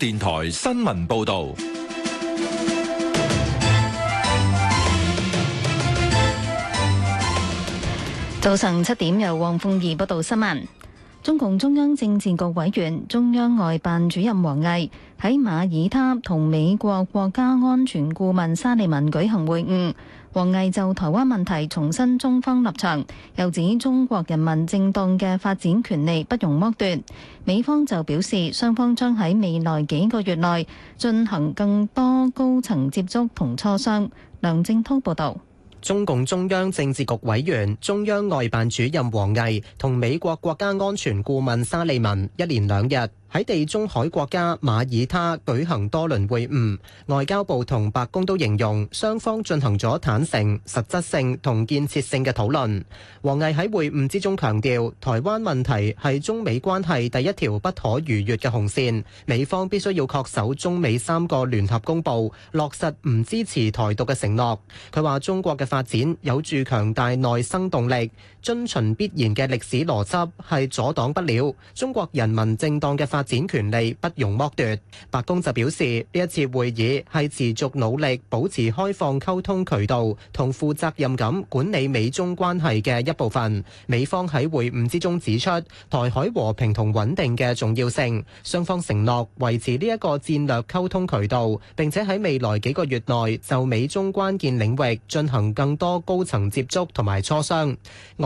電台新聞報道。早晨七點，由黃鳳儀報道新聞。中共中央政治局委員、中央外辦主任王毅喺馬耳他同美國國家安全顧問沙利文舉行會晤。王毅就台灣問題重申中方立場，又指中國人民正當嘅發展權利不容剝奪。美方就表示，雙方將喺未來幾個月內進行更多高層接觸同磋商。梁正滔報道。中共中央政治局委員、中央外辦主任王毅同美國國家安全顧問沙利文一連兩日，喺地中海國家馬耳他舉行多輪會晤，外交部同白宮都形容雙方進行咗坦誠、實質性同建設性嘅討論。王毅喺會晤之中強調，台灣問題係中美關係第一條不可逾越嘅紅線，美方必須要恪守中美三個聯合公報，落實唔支持台獨嘅承諾。佢話中國嘅發展有著強大內生動力。遵循必然嘅歷史邏輯，係阻擋不了中國人民正當嘅發展權利不容剝奪。白宮就表示，呢一次會議，係持續努力保持開放溝通渠道同負責任咁管理美中關係嘅一部分。美方喺會晤之中指出，台海和平同穩定嘅重要性，雙方承諾維持呢一個戰略溝通渠道，並且喺未來幾個月內就美中關鍵領域進行更多高層接觸同埋磋商。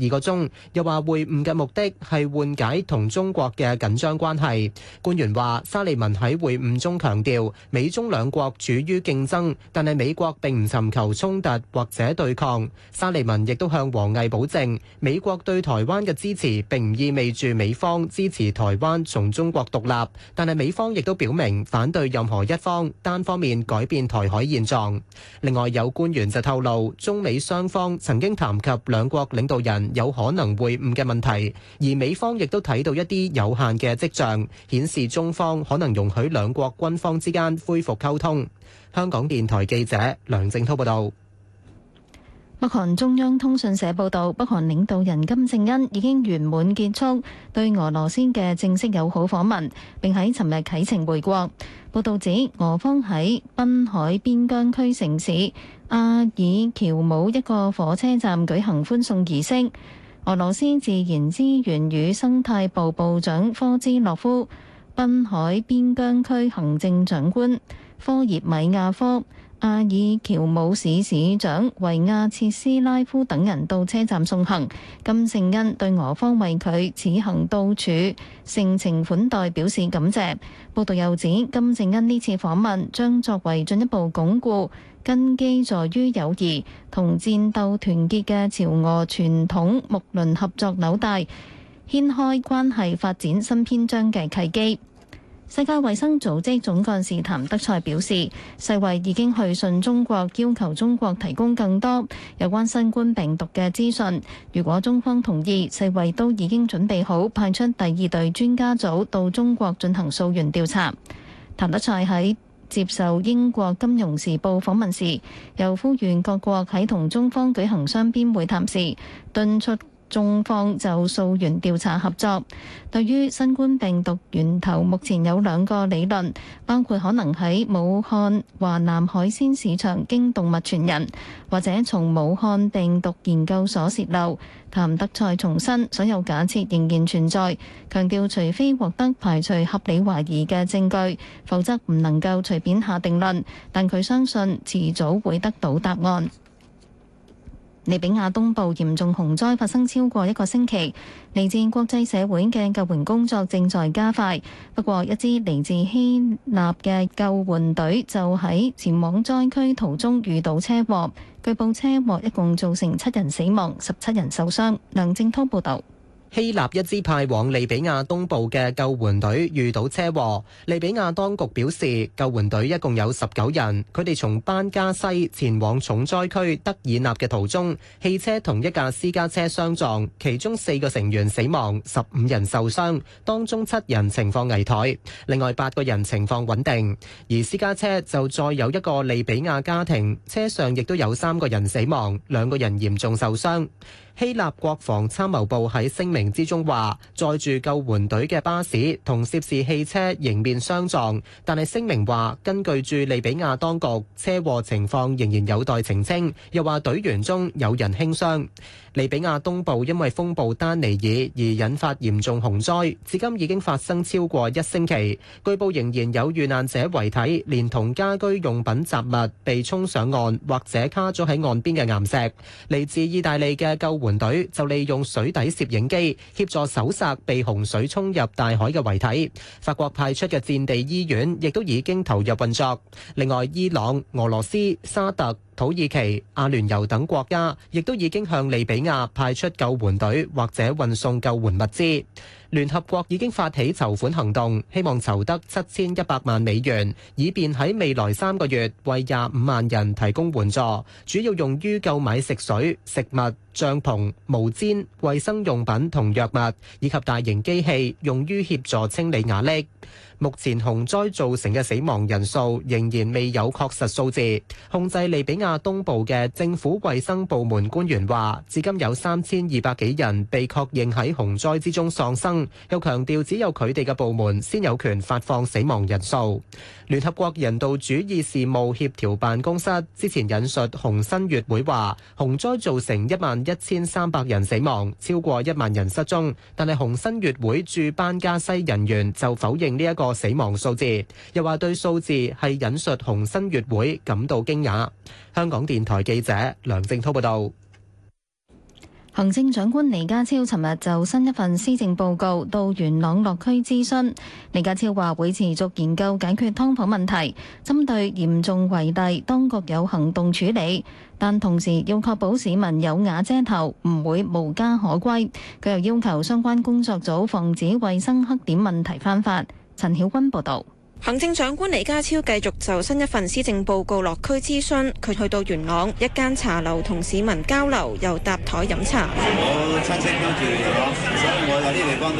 二個鐘，又話會晤嘅目的係緩解同中國嘅緊張關係。官員話，沙利文喺會晤中強調，美中兩國處於競爭，但係美國並唔尋求衝突或者對抗。沙利文亦都向王毅保證，美國對台灣嘅支持並唔意味住美方支持台灣從中國獨立，但係美方亦都表明反對任何一方，單方面改變台海現狀。另外，有官員就透露，中美雙方曾經談及兩國領導人。有可能會晤嘅問題，而美方亦都睇到一啲有限嘅跡象，顯示中方可能容許兩國軍方之間恢復溝通。香港電台記者梁正濤報道。北韓中央通訊社報導，北韓領導人金正恩已經圓滿結束對俄羅斯嘅正式友好訪問，並喺尋日啟程回國。報導指，俄方喺濱海邊疆區城市阿爾喬姆一個火車站舉行歡送儀式。俄羅斯自然資源與生態部部長科茲洛夫、濱海邊疆區行政長官科熱米亞科，阿爾喬姆市市長維亞切斯拉夫等人到車站送行，金正恩對俄方為佢此行到處盛情款待表示感謝。報道又指，金正恩呢次訪問將作為進一步鞏固根基在於友誼同戰鬥團結嘅朝俄傳統睦鄰合作紐帶，掀開關係發展新篇章嘅契機。世界衛生組織總幹事譚德塞表示，世衛已經去信中國，要求中國提供更多有關新冠病毒嘅資訊。如果中方同意，世衛都已經準備好派出第二隊專家組到中國進行溯源調查。譚德塞喺接受英國金融時報訪問時，又呼籲各國喺同中方舉行雙邊會談時，敦促。中方就溯源調查合作。對於新冠病毒源頭目前有兩個理論，包括可能喺武漢華南海鮮市場經動物傳人，或者從武漢病毒研究所泄漏。譚德塞重申所有假設仍然存在，強調除非獲得排除合理懷疑嘅證據，否則唔能夠隨便下定論，但佢相信遲早會得到答案。利比亞東部嚴重洪災發生超過一個星期，嚟自國際社會嘅救援工作正在加快。不過，一支嚟自希臘嘅救援隊就喺前往災區途中遇到車禍，據報車禍一共造成七人死亡、十七人受傷。梁正滔報道。希臘一支派往利比亞東部嘅救援隊遇到車禍。利比亞當局表示，救援隊一共有十九人，佢哋從班加西前往重災區德爾納嘅途中，汽車同一架私家車相撞，其中四個成員死亡，十五人受傷，當中七人情況危殆，另外八個人情況穩定。而私家車就再有一個利比亞家庭，車上亦都有三個人死亡，兩個人嚴重受傷。希臘國防參謀部喺聲明。之中話載住救援隊嘅巴士同涉事汽車迎面相撞，但係聲明話根據住利比亞當局車禍情況仍然有待澄清，又話隊員中有人輕傷。利比亞東部因為風暴丹尼爾而引發嚴重洪災，至今已經發生超過一星期，據報仍然有遇難者遺體連同家居用品雜物被沖上岸或者卡咗喺岸邊嘅岩石。嚟自意大利嘅救援隊就利用水底攝影機。協助搜尋被洪水沖入大海嘅遺體。法國派出嘅戰地醫院亦都已經投入運作。另外，伊朗、俄羅斯、沙特。土耳其、阿聯酋等國家亦都已經向利比亞派出救援隊或者運送救援物資，聯合國已經發起籌款行動，希望籌得七千一百萬美元，以便喺未來三個月為廿五萬人提供援助，主要用於購買食水、食物、帳篷、毛氈、衛生用品同藥物，以及大型機器用於協助清理瓦礫。目前洪災造成嘅死亡人數仍然未有確實數字控制，利比亞東部嘅政府衛生部門官員話，至今有三千二百幾人被確認喺洪災之中喪生，又強調只有佢哋嘅部門先有權發放死亡人數。聯合國人道主義事務協調辦公室之前引述紅新月會話，洪災造成一萬一千三百人死亡，超過一萬人失蹤。但係紅新月會駐班加西人員就否認呢一個死亡數字，又話對數字係引述紅新月會感到驚訝。香港電台記者梁正濤報道。行政長官李家超尋日就新一份施政報告到元朗落區諮詢。李家超話會持續研究解決劏房問題，針對嚴重違例，當局有行動處理，但同時要確保市民有瓦遮頭，唔會無家可歸。佢又要求相關工作組防止衛生黑點問題翻發。陳曉君報道。行政長官李家超繼續就新一份施政報告落區諮詢，佢去到元朗一間茶樓同市民交流，又搭台飲茶。我親戚都住元朗，所以我有啲地方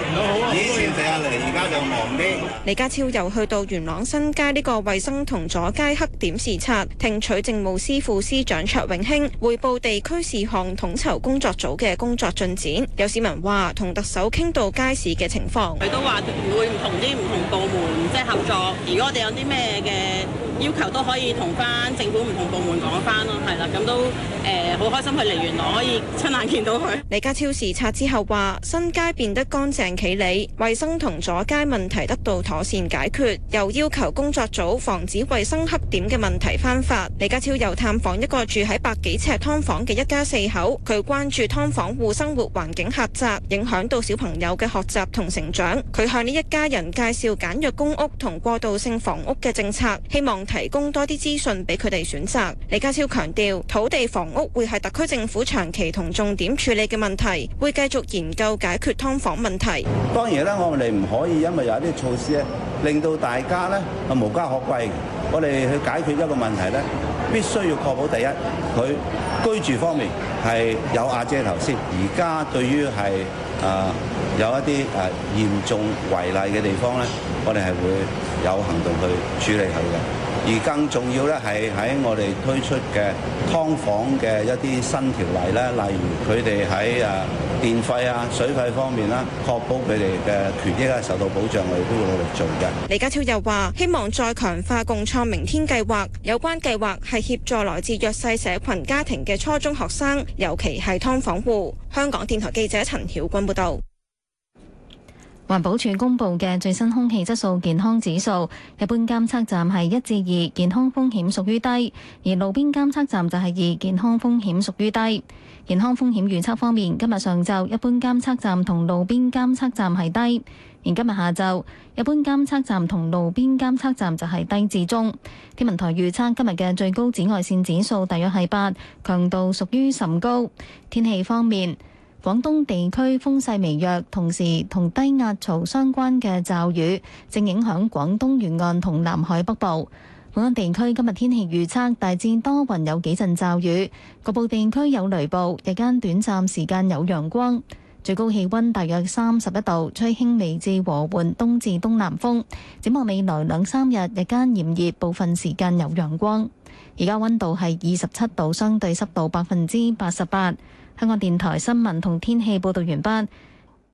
都以前嚟啊嚟，而家就忙啲。李家超又去到元朗新街呢個衛生同咗街黑點視察，聽取政務司副司長卓永興匯報地區事項統籌工作組嘅工作進展。有市民話，同特首傾到街市嘅情況，佢都話會唔同啲唔同部門即係合作。如果我哋有啲咩嘅要求，都可以同翻政府唔同部門講翻咯。係啦，咁都誒好開心佢嚟元朗，可以親眼見到佢。李家超視察之後話，新街變得乾淨。理衛生同阻街問題得到妥善解決，又要求工作組防止衛生黑點嘅問題翻發。李家超又探訪一個住喺百幾尺劏房嘅一家四口，佢關注劏房戶生活環境狹窄，影響到小朋友嘅學習同成長。佢向呢一家人介紹簡約公屋同過渡性房屋嘅政策，希望提供多啲資訊俾佢哋選擇。李家超強調，土地房屋會係特區政府長期同重點處理嘅問題，會繼續研究解決劏房問題。當然咧，我哋唔可以因為有一啲措施咧，令到大家咧係無家可歸。我哋去解決一個問題咧，必須要確保第一，佢居住方面係有阿姐頭先。而家對於係啊、呃、有一啲啊、呃、嚴重違例嘅地方咧，我哋係會有行動去處理佢嘅。而更重要咧，係喺我哋推出嘅劏房嘅一啲新條例咧，例如佢哋喺誒電費啊、水費方面啦、啊，確保佢哋嘅權益咧、啊、受到保障，我哋都要努力做嘅。李家超又話，希望再強化共創明天計劃，有關計劃係協助來自弱勢社群家庭嘅初中學生，尤其係劏房戶。香港電台記者陳曉君報道。環保署公布嘅最新空氣質素健康指數，一般監測站係一至二，健康風險屬於低；而路邊監測站就係二，健康風險屬於低。健康風險預測方面，今日上晝一般監測站同路邊監測站係低，而今日下晝一般監測站同路邊監測站就係低至中。天文台預測今日嘅最高紫外線指數大約係八，強度屬於甚高。天氣方面。廣東地區風勢微弱，同時同低壓槽相關嘅驟雨正影響廣東沿岸同南海北部。本港地區今日天氣預測大致多雲，有幾陣驟雨，局部地區有雷暴，日間短暫時間有陽光，最高氣溫大約三十一度，吹輕微至和緩東至東南風。展望未來兩三日，日間炎熱，部分時間有陽光。而家溫度係二十七度，相對濕度百分之八十八。香港電台新聞同天氣報道完畢。